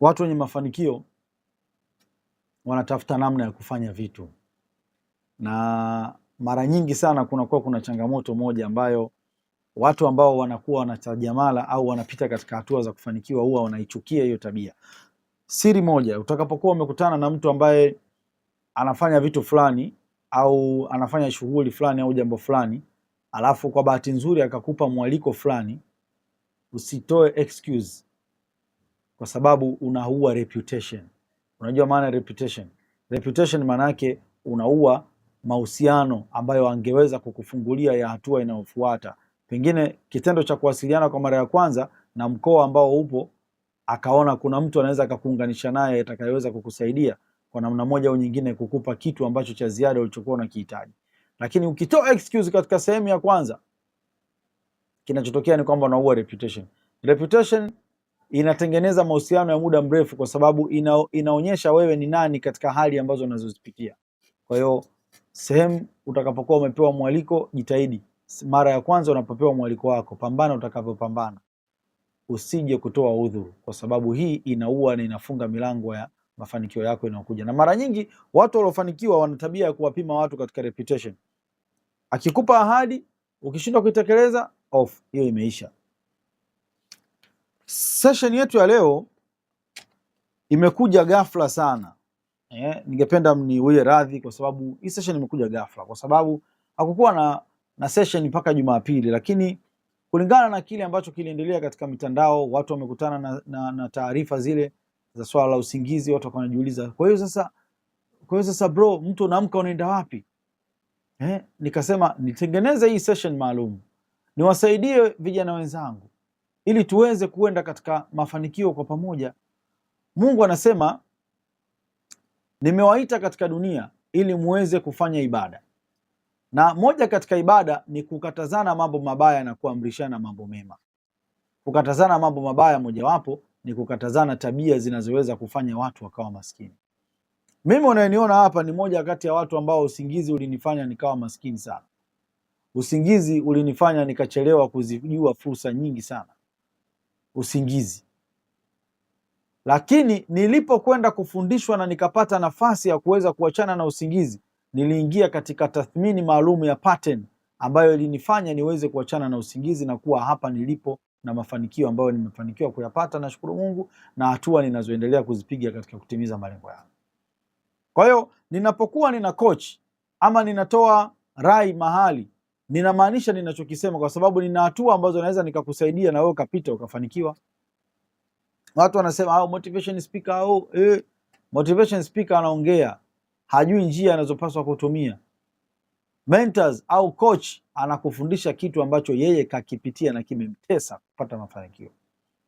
Watu wenye mafanikio wanatafuta namna ya kufanya vitu, na mara nyingi sana kunakuwa kuna changamoto moja ambayo watu ambao wanakuwa wanatajamala au wanapita katika hatua za kufanikiwa huwa wanaichukia hiyo tabia. Siri moja, utakapokuwa umekutana na mtu ambaye anafanya vitu fulani au anafanya shughuli fulani au jambo fulani, alafu kwa bahati nzuri akakupa mwaliko fulani, usitoe excuse kwa sababu unaua reputation. Unajua maana reputation? Reputation maana yake unaua mahusiano ambayo angeweza kukufungulia ya hatua inayofuata. Pengine kitendo cha kuwasiliana kwa mara ya kwanza na mkoa ambao upo, akaona kuna mtu anaweza akakuunganisha naye atakayeweza kukusaidia kwa namna moja au nyingine, kukupa kitu ambacho cha ziada ulichokuwa unakihitaji. Lakini ukitoa excuse katika sehemu ya kwanza, kinachotokea ni kwamba unaua reputation. Reputation inatengeneza mahusiano ya muda mrefu, kwa sababu ina, inaonyesha wewe ni nani katika hali ambazo unazozipitia. Kwa hiyo sehemu utakapokuwa umepewa mwaliko, jitahidi mara ya kwanza unapopewa mwaliko wako, pambana utakavyopambana, usije kutoa udhuru, kwa sababu hii inaua na inafunga milango ya mafanikio yako inayokuja. Na mara nyingi watu waliofanikiwa wana tabia ya kuwapima watu katika reputation. Akikupa ahadi ukishindwa kuitekeleza, off, hiyo imeisha. Session yetu ya leo imekuja ghafla sana eh, ningependa mniwie radhi kwa sababu hii session imekuja ghafla, kwa sababu hakukuwa na, na session mpaka Jumapili, lakini kulingana na kile ambacho kiliendelea katika mitandao, watu wamekutana na, na, na taarifa zile za swala la usingizi, watu wakawa wanajiuliza, kwa hiyo sasa, kwa hiyo sasa bro, mtu unaamka unaenda wapi? Eh, nikasema nitengeneze hii session maalum niwasaidie vijana wenzangu ili tuweze kuenda katika mafanikio kwa pamoja. Mungu anasema nimewaita katika dunia ili muweze kufanya ibada, na moja katika ibada ni kukatazana mambo mabaya na kuamrishana mambo mema. Kukatazana mambo mabaya, mojawapo ni kukatazana tabia zinazoweza kufanya watu wakawa maskini. Mimi unayeniona hapa ni moja kati ya watu ambao usingizi ulinifanya nikawa maskini sana. Usingizi ulinifanya nikachelewa kuzijua fursa nyingi sana usingizi. Lakini nilipokwenda kufundishwa na nikapata nafasi ya kuweza kuachana na usingizi, niliingia katika tathmini maalum ya pattern ambayo ilinifanya niweze kuachana na usingizi na kuwa hapa nilipo na mafanikio ambayo nimefanikiwa kuyapata, nashukuru Mungu, na hatua ninazoendelea kuzipiga katika kutimiza malengo yangu. Kwa hiyo ninapokuwa nina coach ama ninatoa rai mahali ninamaanisha ninachokisema, kwa sababu nina hatua ambazo naweza nikakusaidia na wewe ukapita ukafanikiwa. Watu wanasema au ah, motivation speaker au oh, eh, motivation speaker anaongea, hajui njia anazopaswa kutumia. Mentors au coach anakufundisha kitu ambacho yeye kakipitia na kimemtesa kupata mafanikio.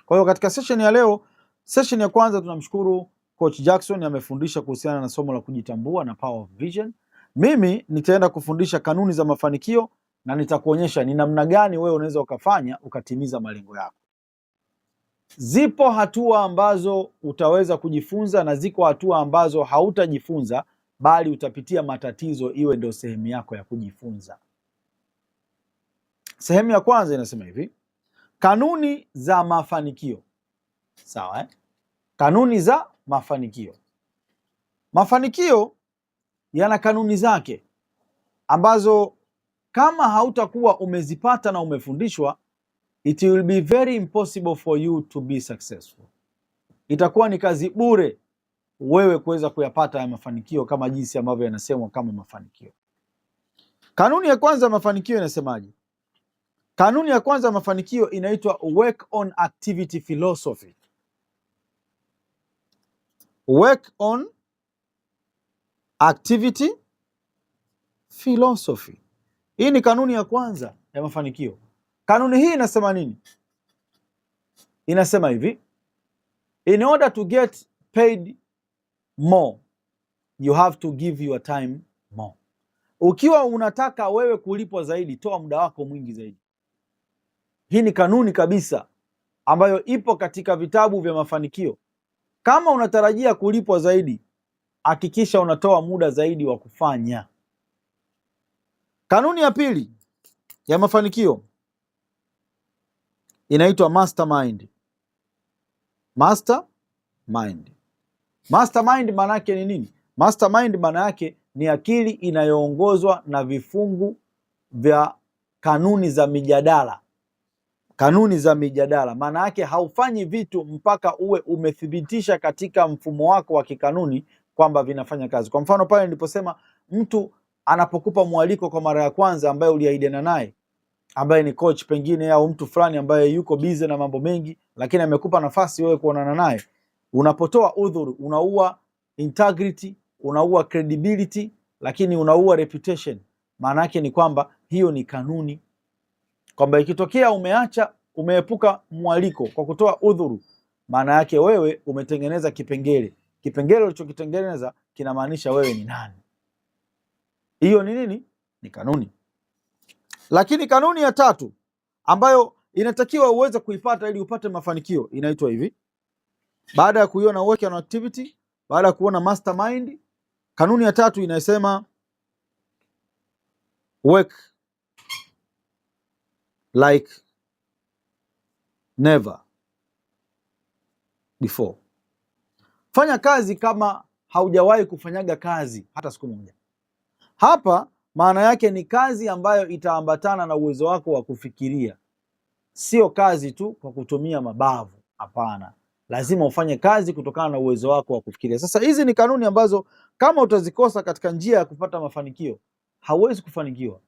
Kwa hiyo katika session ya leo, session ya kwanza tunamshukuru Coach Jackson amefundisha kuhusiana na somo la kujitambua na power of vision. Mimi nitaenda kufundisha kanuni za mafanikio na nitakuonyesha ni namna gani wewe unaweza ukafanya ukatimiza malengo yako. Zipo hatua ambazo utaweza kujifunza na ziko hatua ambazo hautajifunza, bali utapitia matatizo, iwe ndio sehemu yako ya kujifunza. Sehemu ya kwanza inasema hivi: kanuni za mafanikio. Sawa eh? Kanuni za mafanikio. Mafanikio yana kanuni zake ambazo kama hautakuwa umezipata na umefundishwa, it will be very impossible for you to be successful. Itakuwa ni kazi bure wewe kuweza kuyapata haya mafanikio kama jinsi ambavyo yanasemwa kama mafanikio. Kanuni ya kwanza ya mafanikio inasemaje? Kanuni ya kwanza ya mafanikio inaitwa work on activity philosophy. Work on activity philosophy. Hii ni kanuni ya kwanza ya mafanikio. Kanuni hii inasema nini? Inasema hivi, in order to get paid more you have to give your time more. Ukiwa unataka wewe kulipwa zaidi, toa muda wako mwingi zaidi. Hii ni kanuni kabisa ambayo ipo katika vitabu vya mafanikio. Kama unatarajia kulipwa zaidi, hakikisha unatoa muda zaidi wa kufanya Kanuni ya pili ya mafanikio inaitwa mastermind. Mastermind, mastermind maana yake ni nini? Mastermind maana yake ni akili inayoongozwa na vifungu vya kanuni za mijadala. Kanuni za mijadala maana yake haufanyi vitu mpaka uwe umethibitisha katika mfumo wako wa kikanuni kwamba vinafanya kazi. Kwa mfano pale niliposema mtu anapokupa mwaliko kwa mara ya kwanza, ambaye uliaidiana naye, ambaye ni coach pengine au mtu fulani ambaye yuko busy na mambo mengi, lakini amekupa nafasi wewe kuonana naye, unapotoa udhuru unaua integrity, unaua credibility, lakini unaua reputation. Maana yake ni kwamba hiyo ni kanuni, kwamba ikitokea umeacha umeepuka mwaliko kwa kutoa udhuru, maana yake wewe umetengeneza kipengele. Kipengele ulichokitengeneza kinamaanisha wewe ni nani. Hiyo ni nini? Ni kanuni. Lakini kanuni ya tatu ambayo inatakiwa uweze kuipata ili upate mafanikio inaitwa hivi, baada ya kuiona work on activity, baada ya kuona mastermind, kanuni ya tatu inasema work like never before, fanya kazi kama haujawahi kufanyaga kazi hata siku moja. Hapa maana yake ni kazi ambayo itaambatana na uwezo wako wa kufikiria, sio kazi tu kwa kutumia mabavu. Hapana, lazima ufanye kazi kutokana na uwezo wako wa kufikiria. Sasa hizi ni kanuni ambazo kama utazikosa katika njia ya kupata mafanikio, hauwezi kufanikiwa,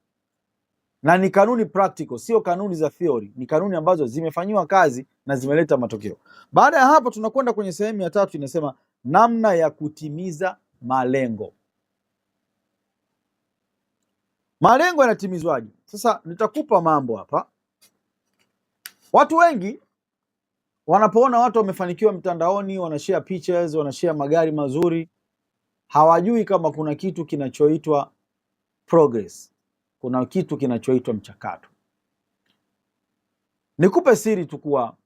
na ni kanuni practical, sio kanuni za theory. Ni kanuni ambazo zimefanyiwa kazi na zimeleta matokeo. Baada ya hapo, tunakwenda kwenye sehemu ya tatu, inasema namna ya kutimiza malengo. Malengo yanatimizwaje? Sasa nitakupa mambo hapa. Watu wengi wanapoona watu wamefanikiwa mtandaoni, wanashare pictures, wanashare magari mazuri, hawajui kama kuna kitu kinachoitwa progress, kuna kitu kinachoitwa mchakato. Nikupe siri tu kuwa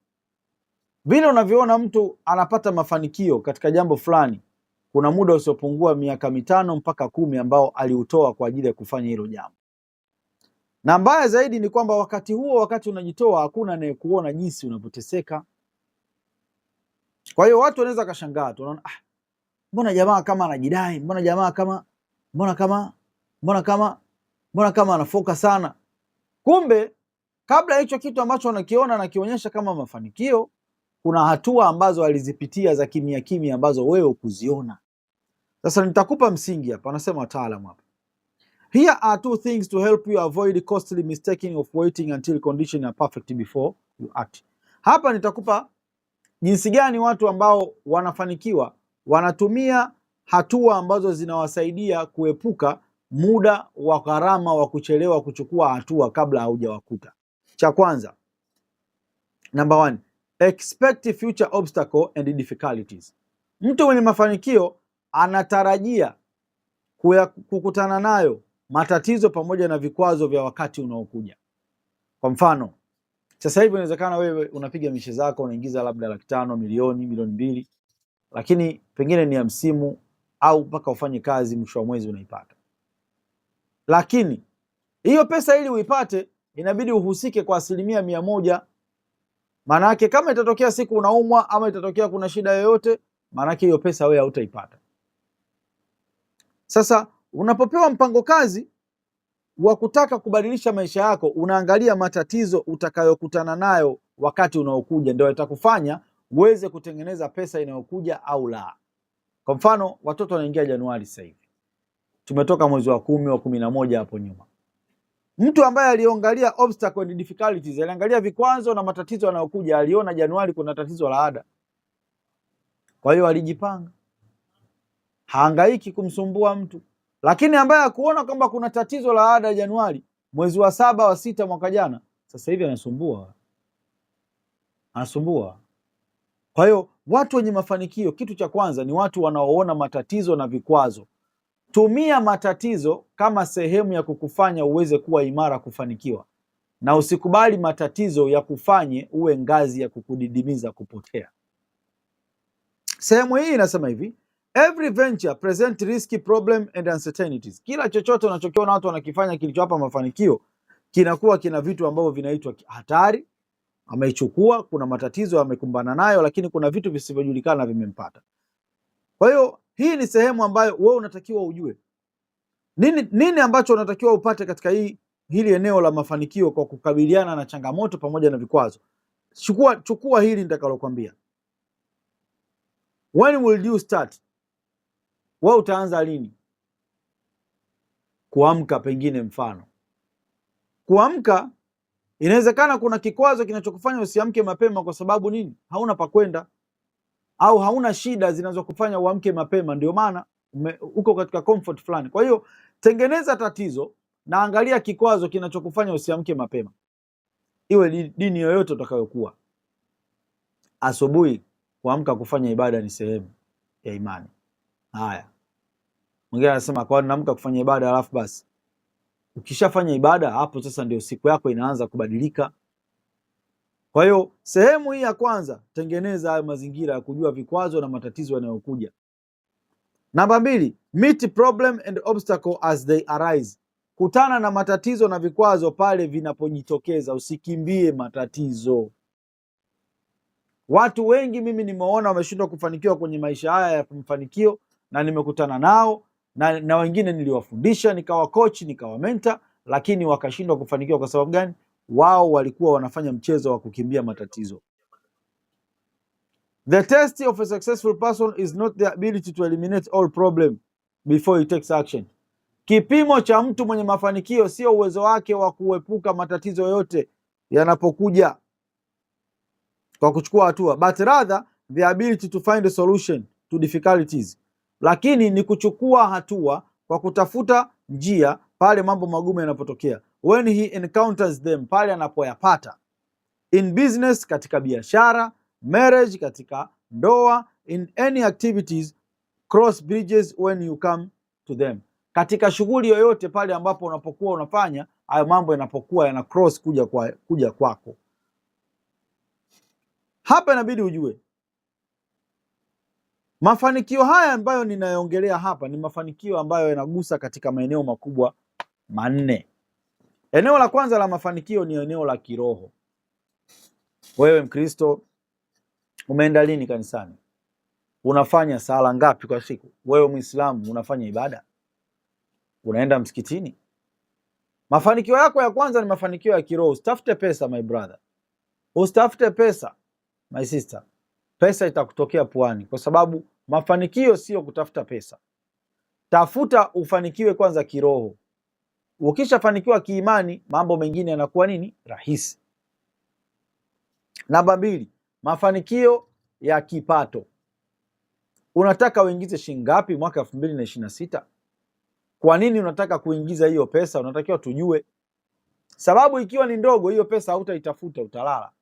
vile unavyoona mtu anapata mafanikio katika jambo fulani kuna muda usiopungua miaka mitano mpaka kumi ambao aliutoa kwa ajili ya kufanya hilo jambo. Na mbaya zaidi ni kwamba wakati huo, wakati unajitoa, hakuna anayekuona jinsi unavyoteseka. Kwa hiyo watu wanaweza kashangaa tu, wanaona ah, mbona jamaa kama anajidai, mbona jamaa kama mbona kama mbona kama mbona kama anafoka sana. Kumbe kabla hicho kitu ambacho anakiona anakionyesha kama mafanikio, kuna hatua ambazo alizipitia za kimya kimya ambazo wewe ukuziona. Sasa nitakupa msingi hapa, anasema wataalam hapa. Here are two things to help you avoid costly mistaking of waiting until condition are perfect before you act. Hapa nitakupa jinsi gani watu ambao wanafanikiwa wanatumia hatua ambazo zinawasaidia kuepuka muda wa gharama wa kuchelewa kuchukua hatua kabla haujawakuta. Cha kwanza, number one, expect future obstacle and difficulties. Mtu mwenye mafanikio anatarajia kukutana nayo matatizo pamoja na vikwazo vya wakati unaokuja. Kwa mfano, sasa hivi inawezekana wewe unapiga mishe zako unaingiza labda laki tano, milioni, milioni mbili, lakini pengine ni ya msimu au mpaka ufanye kazi, mwisho wa mwezi unaipata. Lakini hiyo pesa ili uipate inabidi uhusike kwa asilimia mia moja. Maanake kama itatokea siku unaumwa ama itatokea kuna shida yoyote, maanake hiyo pesa wewe hautaipata. Sasa unapopewa mpango kazi wa kutaka kubadilisha maisha yako, unaangalia matatizo utakayokutana nayo wakati unaokuja, ndio itakufanya uweze kutengeneza pesa inayokuja au la. Kwa mfano, watoto wanaingia Januari sasa hivi, tumetoka mwezi wa kumi wa kumi na moja hapo nyuma. Mtu ambaye aliangalia obstacle and difficulties, aliangalia vikwazo na matatizo yanayokuja, aliona Januari kuna tatizo la ada, kwa hiyo alijipanga haangaiki kumsumbua mtu. Lakini ambaye akuona kwamba kuna tatizo la ada ya Januari mwezi wa saba wa sita mwaka jana, sasa hivi anasumbua, anasumbua. Kwa hiyo watu wenye mafanikio, kitu cha kwanza ni watu wanaoona matatizo na vikwazo. Tumia matatizo kama sehemu ya kukufanya uweze kuwa imara, kufanikiwa, na usikubali matatizo ya kufanye uwe ngazi ya kukudidimiza, kupotea. Sehemu hii inasema hivi: Every venture present risky problem and uncertainties. Kila chochote unachokiona watu wanakifanya kilichowapa mafanikio kinakuwa kina vitu ambavyo vinaitwa hatari, ameichukua, kuna matatizo amekumbana nayo, lakini kuna vitu visivyojulikana vimempata. Kwa hiyo hii ni sehemu ambayo wewe unatakiwa ujue nini, nini ambacho unatakiwa upate katika hii, hili eneo la mafanikio kwa kukabiliana na changamoto pamoja na vikwazo. Chukua, chukua hili nitakalokwambia. When will you start? wa utaanza lini kuamka? Pengine mfano kuamka, inawezekana kuna kikwazo kinachokufanya usiamke mapema. Kwa sababu nini? Hauna pa kwenda au hauna shida zinazokufanya uamke mapema, ndio maana uko katika comfort fulani. Kwa hiyo tengeneza tatizo na angalia kikwazo kinachokufanya usiamke mapema, iwe dini yoyote utakayokuwa. Asubuhi kuamka kufanya ibada ni sehemu ya imani. Haya. Mwingine anasema kwa nini naamka kufanya ibada alafu basi. Ukishafanya ibada hapo sasa ndio siku yako inaanza kubadilika. Kwa hiyo sehemu hii ya kwanza, tengeneza hayo mazingira ya kujua vikwazo na matatizo yanayokuja. Namba mbili, meet problem and obstacle as they arise. Kutana na matatizo na vikwazo pale vinapojitokeza, usikimbie matatizo. Watu wengi mimi nimeona wameshindwa kufanikiwa kwenye maisha haya ya mafanikio, na nimekutana nao na, na wengine niliwafundisha nikawa coach nikawa mentor, lakini wakashindwa kufanikiwa. Kwa sababu gani? Wao walikuwa wanafanya mchezo wa kukimbia matatizo. The test of a successful person is not the ability to eliminate all problem before he takes action. Kipimo cha mtu mwenye mafanikio sio uwezo wake wa kuepuka matatizo yote yanapokuja kwa kuchukua hatua, but rather the ability to find a solution to difficulties lakini ni kuchukua hatua kwa kutafuta njia pale mambo magumu yanapotokea, when he encounters them, pale anapoyapata, in business, katika biashara, marriage, katika ndoa, in any activities, cross bridges when you come to them, katika shughuli yoyote pale ambapo unapokuwa unafanya hayo mambo yanapokuwa yana cross kuja, kwa, kuja kwako. Hapa inabidi ujue Mafanikio haya ambayo ninayaongelea hapa ni mafanikio ambayo yanagusa katika maeneo makubwa manne. Eneo la kwanza la mafanikio ni eneo la kiroho. Wewe Mkristo umeenda lini kanisani? Unafanya sala ngapi kwa siku? Wewe Mwislamu unafanya ibada? Unaenda msikitini? Mafanikio yako ya kwanza ni mafanikio ya kiroho. Usitafute pesa my brother, usitafute pesa my sister pesa itakutokea puani, kwa sababu mafanikio sio kutafuta pesa. Tafuta ufanikiwe kwanza kiroho. Ukishafanikiwa kiimani, mambo mengine yanakuwa nini? Rahisi. Namba mbili, mafanikio ya kipato. Unataka uingize shilingi ngapi mwaka elfu mbili na ishirini na sita? Kwa nini unataka kuingiza hiyo pesa? Unatakiwa tujue sababu. Ikiwa ni ndogo hiyo pesa, hautaitafuta utalala.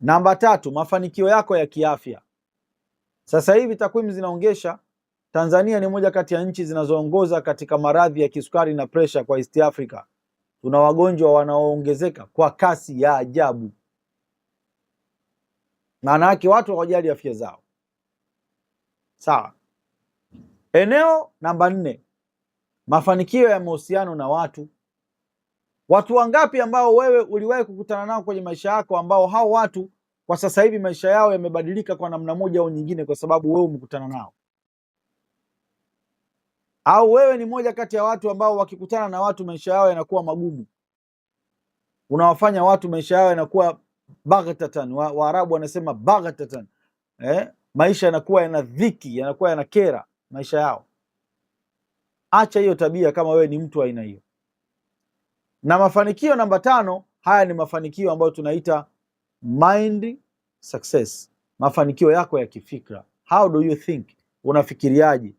Namba tatu, mafanikio yako ya kiafya. Sasa hivi takwimu zinaongesha Tanzania ni moja kati ya nchi zinazoongoza katika maradhi ya kisukari na presha kwa East Africa. Tuna wagonjwa wanaoongezeka kwa kasi ya ajabu. Maana yake watu hawajali afya zao. Sawa. Eneo namba nne, mafanikio ya mahusiano na watu. Watu wangapi ambao wewe uliwahi kukutana nao kwenye maisha yako ambao hao watu kwa sasa hivi maisha yao yamebadilika kwa namna moja au nyingine, kwa sababu wewe umekutana nao? Au wewe ni moja kati ya watu ambao wakikutana na watu maisha yao yanakuwa magumu, unawafanya watu maisha yao yanakuwa baghtatan. Waarabu wanasema baghtatan, eh? maisha yanakuwa yana dhiki, yanakuwa yana kera maisha yao. Acha hiyo tabia, kama wewe ni mtu aina hiyo. Na mafanikio namba tano, haya ni mafanikio ambayo tunaita mind success, mafanikio yako ya kifikra. How do you think? Unafikiriaje?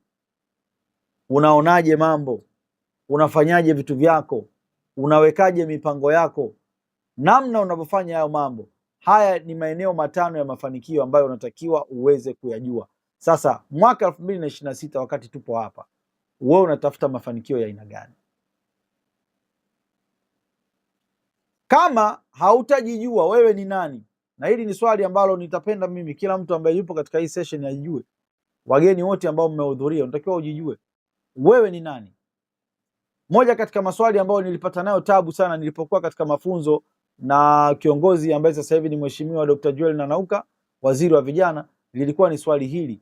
Unaonaje mambo? Unafanyaje vitu vyako? Unawekaje mipango yako? Namna unavyofanya hayo mambo. Haya ni maeneo matano ya mafanikio ambayo unatakiwa uweze kuyajua. Sasa mwaka elfu mbili na ishirini na sita wakati tupo hapa, wewe unatafuta mafanikio ya aina gani? Kama hautajijua wewe ni nani, na hili ni swali ambalo nitapenda mimi kila mtu ambaye yupo katika hii session ajijue. Wageni wote ambao mmehudhuria, unatakiwa ujijue wewe ni nani. Moja katika maswali ambayo nilipata nayo tabu sana nilipokuwa katika mafunzo na kiongozi ambaye sasa hivi ni Mheshimiwa Dr. Joel Nanauka, waziri wa vijana, lilikuwa ni swali hili.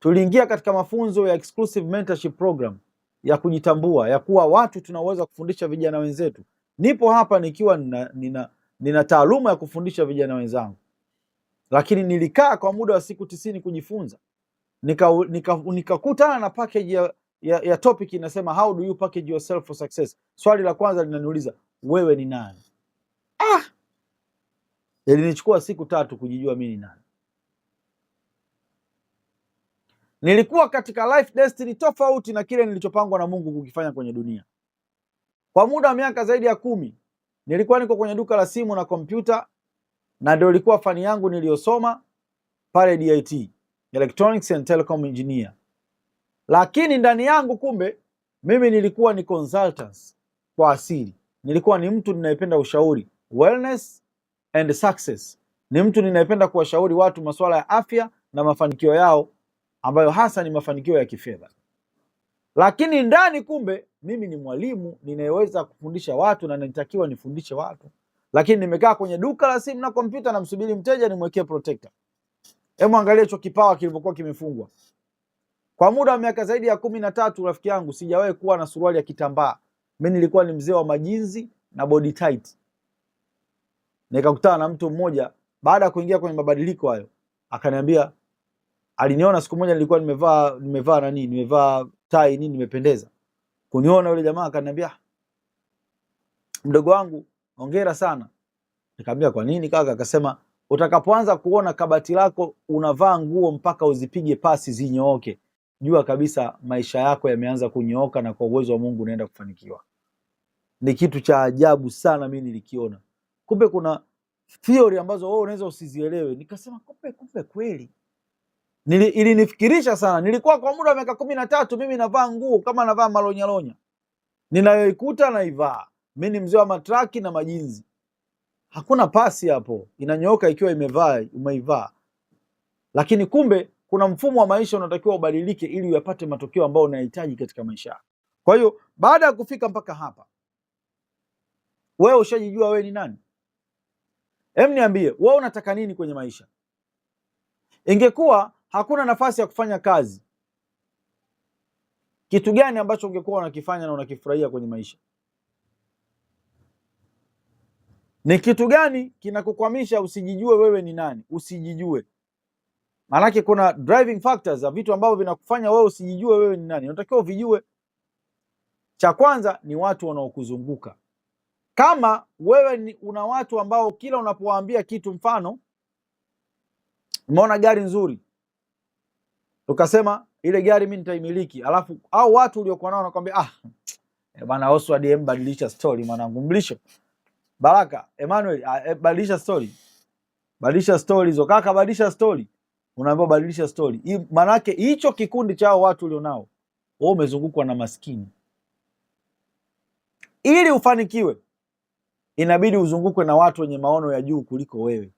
Tuliingia katika mafunzo ya exclusive mentorship program ya kujitambua, ya kuwa watu tunaweza kufundisha vijana wenzetu nipo hapa nikiwa nina, nina, nina taaluma ya kufundisha vijana wenzangu, lakini nilikaa kwa muda wa siku tisini kujifunza, nikakutana nika, nika na package ya, ya, ya topic inasema how do you package yourself for success. Swali la kwanza linaniuliza wewe ni nani? Ah, ilinichukua siku tatu kujijua mimi ni nani. Nilikuwa katika life destiny tofauti na kile nilichopangwa na Mungu kukifanya kwenye dunia. Kwa muda wa miaka zaidi ya kumi nilikuwa niko kwenye duka la simu na kompyuta, na ndio ilikuwa fani yangu niliyosoma pale DIT, Electronics and Telecom Engineer. Lakini ndani yangu kumbe mimi nilikuwa ni consultants kwa asili, nilikuwa ni mtu ninayependa ushauri, wellness and success. Ni mtu ninayependa kuwashauri watu masuala ya afya na mafanikio yao ambayo hasa ni mafanikio ya kifedha lakini ndani kumbe mimi ni mwalimu ninayeweza kufundisha watu na nitakiwa nifundishe watu, lakini nimekaa kwenye duka la simu na kompyuta, namsubiri mteja nimwekee protector. Hebu angalia hicho kipawa kilivyokuwa kimefungwa. Kwa muda wa miaka zaidi ya kumi na tatu, rafiki yangu, sijawahi kuwa na suruali ya kitambaa. Mi nilikuwa ni mzee wa majinzi na body tight. Nikakutana na mtu mmoja baada ya kuingia kwenye mabadiliko hayo, akaniambia, aliniona siku moja nilikuwa nimevaa nimevaa nani, nimevaa tai nini, nimependeza kuniona. Yule jamaa akaniambia, mdogo wangu hongera sana. Nikamwambia kwa nini kaka? Akasema utakapoanza kuona kabati lako unavaa nguo mpaka uzipige pasi zinyooke, jua kabisa maisha yako yameanza kunyooka, na kwa uwezo wa Mungu unaenda kufanikiwa. Ni kitu cha ajabu sana, mimi nilikiona. Kumbe kuna theory ambazo wewe unaweza usizielewe. Nikasema kumbe kumbe kweli nili, ilinifikirisha sana. Nilikuwa kwa muda wa miaka kumi na tatu mimi navaa nguo kama navaa malonyalonya, ninayoikuta naivaa. Mi ni mzee wa matraki na majinzi, hakuna pasi hapo, inanyooka ikiwa imevaa umeivaa. Lakini kumbe kuna mfumo wa maisha unatakiwa ubadilike ili uyapate matokeo ambayo unayahitaji katika maisha yako. Kwa hiyo baada ya kufika mpaka hapa, wewe ushajijua wewe ni nani? Em, niambie wewe unataka nini kwenye maisha? Ingekuwa hakuna nafasi ya kufanya kazi, kitu gani ambacho ungekuwa unakifanya na unakifurahia kwenye maisha? Ni kitu gani kinakukwamisha usijijue wewe ni nani? Usijijue maanake kuna driving factors za vitu ambavyo vinakufanya wewe usijijue wewe ni nani. Unatakiwa uvijue. Cha kwanza ni watu wanaokuzunguka. Kama wewe ni una watu ambao kila unapowaambia kitu, mfano umeona gari nzuri, Tukasema ile gari mimi nitaimiliki, alafu au watu uliokuwa nao wanakwambia ah, e eh, bana Oswald, em badilisha story mwanangu, mlisho Baraka Emmanuel, e, badilisha story, badilisha story hizo kaka, badilisha story. Unaambiwa badilisha story hii, manake hicho kikundi cha hao watu ulionao wewe, umezungukwa na maskini. Ili ufanikiwe, inabidi uzungukwe na watu wenye maono ya juu kuliko wewe,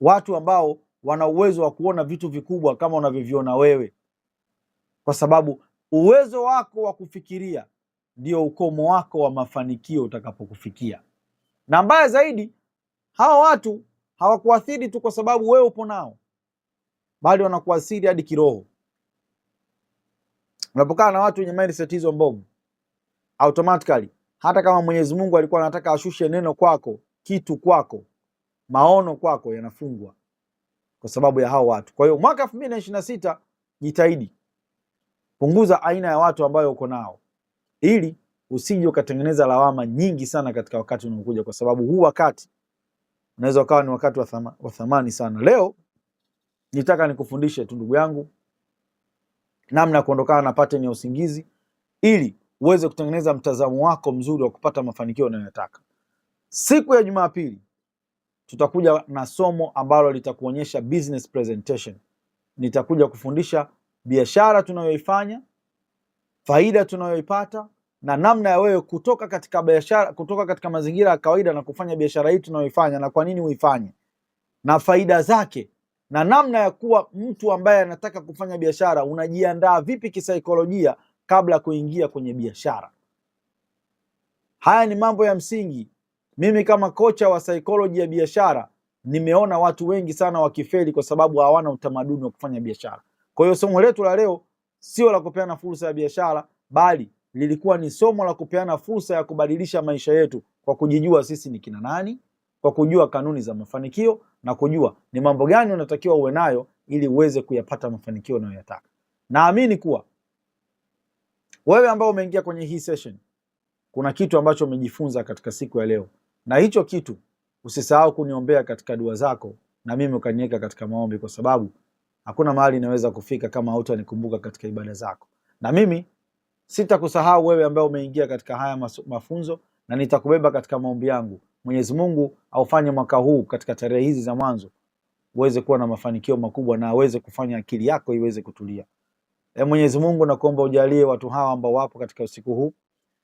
watu ambao wana uwezo wa kuona vitu vikubwa kama unavyoviona wewe, kwa sababu uwezo wako wa kufikiria ndio ukomo wako wa mafanikio utakapokufikia. Na mbaya zaidi, hawa watu hawakuathiri tu kwa sababu wewe upo nao, bali wanakuathiri hadi kiroho. Unapokaa na watu wenye mindset hizo mbovu, automatically hata kama Mwenyezi Mungu alikuwa anataka ashushe neno kwako, kitu kwako, maono kwako yanafungwa kwa sababu ya hao watu. Kwa hiyo mwaka 2026 jitahidi punguza aina ya watu ambayo uko nao, ili usije ukatengeneza lawama nyingi sana katika wakati unaokuja, kwa sababu huu wakati unaweza ukawa ni wakati wa thamani, wa thamani sana. Leo nitaka nikufundishe tu ndugu yangu namna ya kuondokana na pattern ya usingizi ili uweze kutengeneza mtazamo wako mzuri wa kupata mafanikio unayotaka. Siku ya Jumapili tutakuja na somo ambalo litakuonyesha business presentation. Nitakuja kufundisha biashara tunayoifanya, faida tunayoipata na namna ya wewe kutoka katika biashara, kutoka katika mazingira ya kawaida na kufanya biashara hii tunayoifanya, na kwa nini uifanye na faida zake, na namna ya kuwa mtu ambaye anataka kufanya biashara, unajiandaa vipi kisaikolojia kabla ya kuingia kwenye biashara. Haya ni mambo ya msingi mimi kama kocha wa saikoloji ya biashara nimeona watu wengi sana wakifeli kwa sababu hawana utamaduni wa kufanya biashara. Kwa hiyo somo letu la leo sio la kupeana fursa ya biashara, bali lilikuwa ni somo la kupeana fursa ya kubadilisha maisha yetu kwa kujijua sisi ni kina nani, kwa kujua kanuni za mafanikio na kujua ni mambo gani unatakiwa uwe nayo ili uweze kuyapata mafanikio unayoyataka. Naamini kuwa wewe ambao umeingia kwenye hii session kuna kitu ambacho umejifunza katika siku ya leo na hicho kitu usisahau kuniombea katika dua zako, na mimi ukaniweka katika maombi, kwa sababu hakuna mahali inaweza kufika kama hautanikumbuka katika ibada zako. Na mimi sitakusahau wewe ambaye umeingia katika haya mafunzo, na nitakubeba katika maombi yangu. Mwenyezi Mungu aufanye mwaka huu katika tarehe hizi za mwanzo uweze kuwa na mafanikio makubwa, na aweze kufanya akili yako iweze kutulia. E Mwenyezi Mungu, nakuomba ujalie watu hawa ambao wapo katika usiku huu.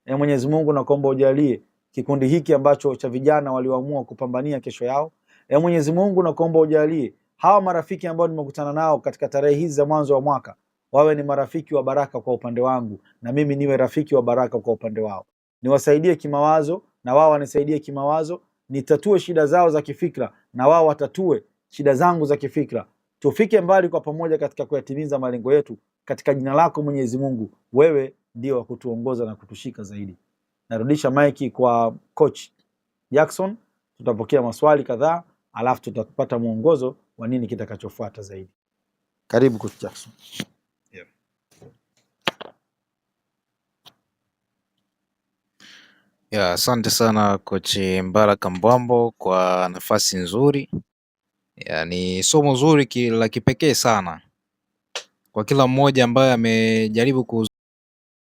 E Mwenyezi Mungu, nakuomba ujalie kikundi hiki ambacho cha vijana walioamua kupambania kesho yao. E Mwenyezi Mungu, nakuomba ujalie hawa marafiki ambao nimekutana nao katika tarehe hizi za mwanzo wa mwaka wawe ni marafiki wa baraka kwa upande wangu, na mimi niwe rafiki wa baraka kwa upande wao. Niwasaidie kimawazo na wao wanisaidie kimawazo, nitatue shida zao za kifikra na wao watatue shida zangu za kifikra. Tufike mbali kwa pamoja katika kuyatimiza malengo yetu katika jina lako Mwenyezi Mungu. Wewe ndio wa kutuongoza na kutushika zaidi narudisha maiki kwa coach Jackson, tutapokea maswali kadhaa alafu tutapata mwongozo wa nini kitakachofuata zaidi. Karibu coach Jackson. Yeah. Ya, asante sana coach Mbaraka Mbwambo kwa nafasi nzuri. Ya, ni somo zuri la kipekee sana kwa kila mmoja ambaye amejaribu